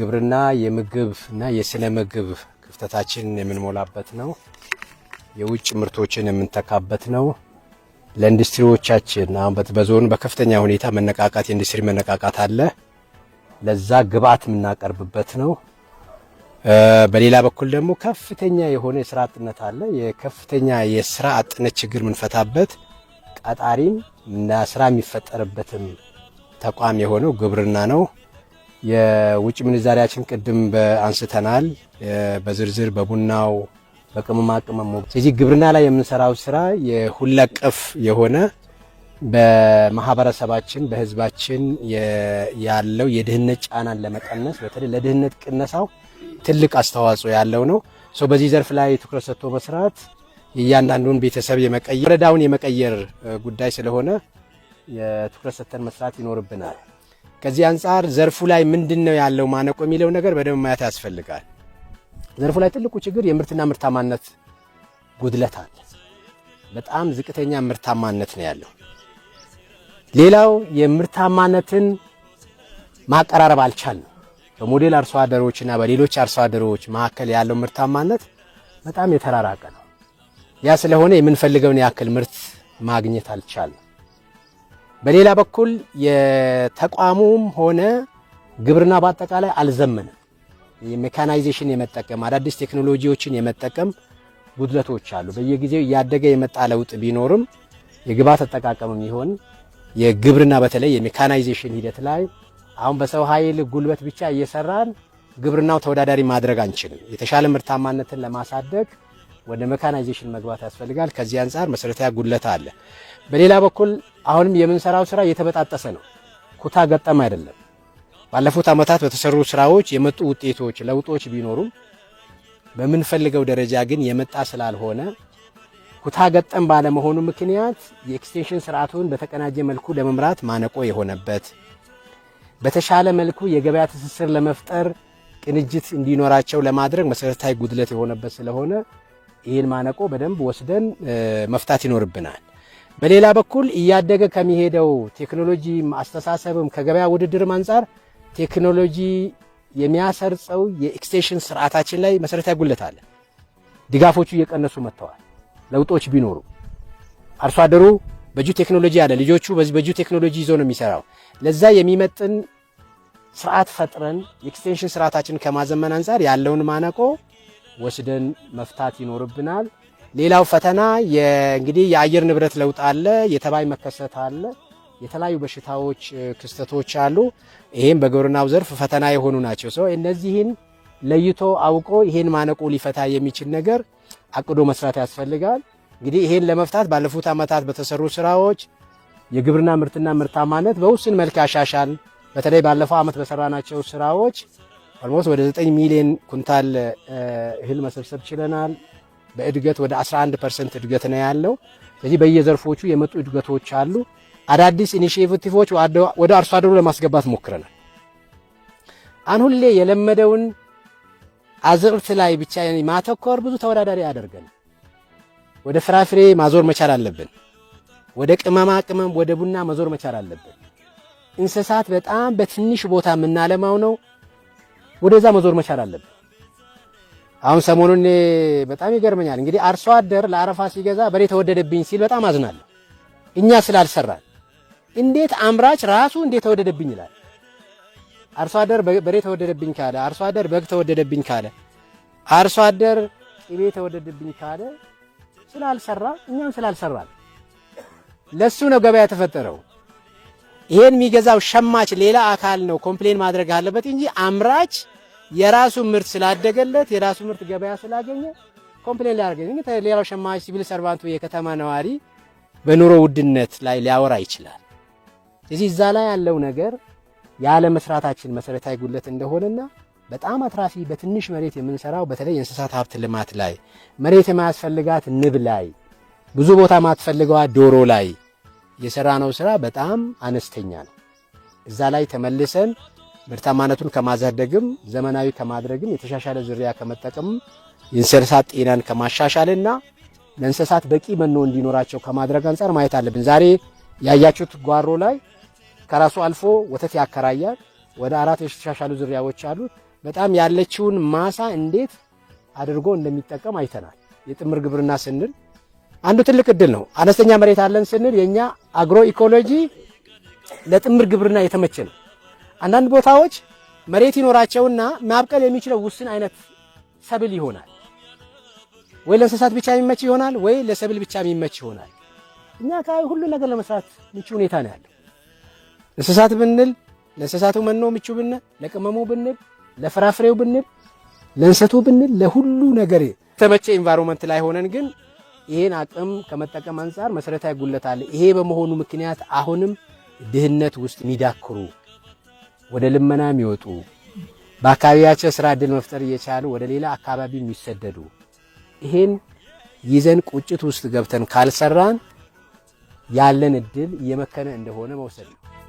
ግብርና የምግብ እና የስነ ምግብ ክፍተታችንን የምንሞላበት ነው። የውጭ ምርቶችን የምንተካበት ነው። ለኢንዱስትሪዎቻችን አሁን በዞኑ በከፍተኛ ሁኔታ መነቃቃት የኢንዱስትሪ መነቃቃት አለ። ለዛ ግብአት የምናቀርብበት ነው። በሌላ በኩል ደግሞ ከፍተኛ የሆነ የስራ አጥነት አለ። የከፍተኛ የስራ አጥነት ችግር የምንፈታበት ቀጣሪም እና ስራ የሚፈጠርበትም ተቋም የሆነው ግብርና ነው። የውጭ ምንዛሪያችን ቅድም አንስተናል በዝርዝር በቡናው በቅመማ ቅመሙ። ስለዚህ ግብርና ላይ የምንሰራው ስራ የሁለ የሆነ በማህበረሰባችን በህዝባችን ያለው የድህነት ጫናን ለመቀነስ በተለይ ለድህነት ቅነሳው ትልቅ አስተዋጽኦ ያለው ነው። በዚህ ዘርፍ ላይ ትኩረት ሰጥቶ መስራት እያንዳንዱን ቤተሰብ የመቀየር ወረዳውን የመቀየር ጉዳይ ስለሆነ የትኩረት ሰጥተን መስራት ይኖርብናል። ከዚህ አንጻር ዘርፉ ላይ ምንድን ነው ያለው ማነቆ የሚለው ነገር በደንብ ማየት ያስፈልጋል። ዘርፉ ላይ ትልቁ ችግር የምርትና ምርታማነት ጉድለት አለ። በጣም ዝቅተኛ ምርታማነት ነው ያለው። ሌላው የምርታማነትን ማቀራረብ አልቻልም። በሞዴል አርሶ እና በሌሎች አርሶ አደሮች መካከል ያለው ምርታማነት በጣም የተራራቀ ነው። ያ ስለሆነ የምንፈልገውን ያክል ምርት ማግኘት አልቻልም። በሌላ በኩል የተቋሙም ሆነ ግብርና በአጠቃላይ አልዘመንም። ሜካናይዜሽን የመጠቀም አዳዲስ ቴክኖሎጂዎችን የመጠቀም ጉድለቶች አሉ። በየጊዜው እያደገ የመጣ ለውጥ ቢኖርም የግብዓት አጠቃቀምም ይሆን የግብርና በተለይ የሜካናይዜሽን ሂደት ላይ አሁን በሰው ኃይል ጉልበት ብቻ እየሰራን ግብርናው ተወዳዳሪ ማድረግ አንችልም። የተሻለ ምርታማነትን ለማሳደግ ወደ መካናይዜሽን መግባት ያስፈልጋል። ከዚህ አንጻር መሰረታዊ ጉድለት አለ። በሌላ በኩል አሁንም የምንሰራው ስራ እየተበጣጠሰ ነው። ኩታ ገጠም አይደለም። ባለፉት ዓመታት በተሰሩ ስራዎች የመጡ ውጤቶች፣ ለውጦች ቢኖሩም በምንፈልገው ደረጃ ግን የመጣ ስላልሆነ ኩታ ገጠም ባለመሆኑ ምክንያት የኤክስቴንሽን ስርዓቱን በተቀናጀ መልኩ ለመምራት ማነቆ የሆነበት በተሻለ መልኩ የገበያ ትስስር ለመፍጠር ቅንጅት እንዲኖራቸው ለማድረግ መሰረታዊ ጉድለት የሆነበት ስለሆነ ይህን ማነቆ በደንብ ወስደን መፍታት ይኖርብናል። በሌላ በኩል እያደገ ከሚሄደው ቴክኖሎጂ አስተሳሰብም ከገበያ ውድድርም አንጻር ቴክኖሎጂ የሚያሰርጸው የኤክስቴንሽን ስርዓታችን ላይ መሰረታዊ ጉለት አለ። ድጋፎቹ እየቀነሱ መጥተዋል። ለውጦች ቢኖሩ አርሶ አደሩ በእጁ ቴክኖሎጂ አለ። ልጆቹ በዚህ በእጁ ቴክኖሎጂ ይዞ ነው የሚሰራው። ለዛ የሚመጥን ስርዓት ፈጥረን የኤክስቴንሽን ስርዓታችን ከማዘመን አንጻር ያለውን ማነቆ ወስደን መፍታት ይኖርብናል። ሌላው ፈተና እንግዲህ የአየር ንብረት ለውጥ አለ፣ የተባይ መከሰት አለ፣ የተለያዩ በሽታዎች ክስተቶች አሉ። ይህም በግብርናው ዘርፍ ፈተና የሆኑ ናቸው። ሰው እነዚህን ለይቶ አውቆ ይሄን ማነቆ ሊፈታ የሚችል ነገር አቅዶ መስራት ያስፈልጋል። እንግዲህ ይሄን ለመፍታት ባለፉት ዓመታት በተሰሩ ስራዎች የግብርና ምርትና ምርታማነት በውስን መልክ ያሻሻል። በተለይ ባለፈው ዓመት በሰራናቸው ስራዎች ኦልሞስት ወደ 9 ሚሊዮን ኩንታል እህል መሰብሰብ ችለናል። በእድገት ወደ 11 ፐርሰንት እድገት ነው ያለው። ስለዚህ በየዘርፎቹ የመጡ እድገቶች አሉ። አዳዲስ ኢኒሽቲቮች ወደ አርሶ አደሩ ለማስገባት ሞክረናል። አሁን ሁሌ የለመደውን አዝርት ላይ ብቻ ማተኮር ብዙ ተወዳዳሪ ያደርገናል። ወደ ፍራፍሬ ማዞር መቻል አለብን። ወደ ቅመማ ቅመም፣ ወደ ቡና መዞር መቻል አለብን። እንስሳት በጣም በትንሽ ቦታ የምናለማው ነው። ወደዛ መዞር መቻል አለብን። አሁን ሰሞኑን በጣም ይገርመኛል። እንግዲህ አርሶ አደር ለአረፋ ሲገዛ በሬ ተወደደብኝ ሲል በጣም አዝናለሁ። እኛ ስላልሰራን እንዴት አምራች ራሱ እንዴት ተወደደብኝ ይላል። አርሶ አደር በሬ ተወደደብኝ ካለ፣ አርሶ አደር በግ ተወደደብኝ ካለ፣ አርሶ አደር ቅቤ ተወደደብኝ ካለ ስላልሰራ እኛም ስላልሰራን ለሱ ነው ገበያ የተፈጠረው። ይሄን የሚገዛው ሸማች ሌላ አካል ነው ኮምፕሌን ማድረግ አለበት እንጂ አምራች የራሱ ምርት ስላደገለት የራሱ ምርት ገበያ ስላገኘ ኮምፕሌን ሊያደርገኝ ሌላው ሸማች ሲቪል ሰርቫንቱ የከተማ ነዋሪ በኑሮ ውድነት ላይ ሊያወራ ይችላል። ስለዚህ እዛ ላይ ያለው ነገር ያለ መስራታችን መሰረታዊ ጉለት እንደሆነና በጣም አትራፊ በትንሽ መሬት የምንሰራው በተለይ የእንስሳት ሀብት ልማት ላይ መሬት የማያስፈልጋት ንብ ላይ ብዙ ቦታ ማትፈልገዋ ዶሮ ላይ የሰራነው ስራ በጣም አነስተኛ ነው። እዛ ላይ ተመልሰን ምርታማነቱን ከማሳደግም ዘመናዊ ከማድረግም የተሻሻለ ዝርያ ከመጠቀም የእንስሳት ጤናን ከማሻሻልና ለእንስሳት በቂ መኖ እንዲኖራቸው ከማድረግ አንጻር ማየት አለብን። ዛሬ ያያችሁት ጓሮ ላይ ከራሱ አልፎ ወተት ያከራያል። ወደ አራት የተሻሻሉ ዝርያዎች አሉት። በጣም ያለችውን ማሳ እንዴት አድርጎ እንደሚጠቀም አይተናል። የጥምር ግብርና ስንል አንዱ ትልቅ እድል ነው። አነስተኛ መሬት አለን ስንል የእኛ አግሮ ኢኮሎጂ ለጥምር ግብርና የተመቸ ነው። አንዳንድ ቦታዎች መሬት ይኖራቸውና ማብቀል የሚችለው ውስን አይነት ሰብል ይሆናል። ወይ ለእንስሳት ብቻ የሚመች ይሆናል፣ ወይ ለሰብል ብቻ የሚመች ይሆናል። እኛ አካባቢ ሁሉ ነገር ለመስራት ምቹ ሁኔታ ነው ያለው። እንስሳት ብንል ለእንስሳቱ መኖ ምቹ ብን፣ ለቅመሙ ብንል፣ ለፍራፍሬው ብንል፣ ለእንሰቱ ብንል፣ ለሁሉ ነገር የተመቸ ኢንቫይሮንመንት ላይ ሆነን ግን ይህን አቅም ከመጠቀም አንጻር መሰረታዊ ጉለት አለ። ይሄ በመሆኑ ምክንያት አሁንም ድህነት ውስጥ የሚዳክሩ ወደ ልመና የሚወጡ በአካባቢያቸው ስራ እድል መፍጠር እየቻሉ ወደ ሌላ አካባቢ የሚሰደዱ ይሄን ይዘን ቁጭት ውስጥ ገብተን ካልሰራን ያለን እድል እየመከነ እንደሆነ መውሰድ ነው።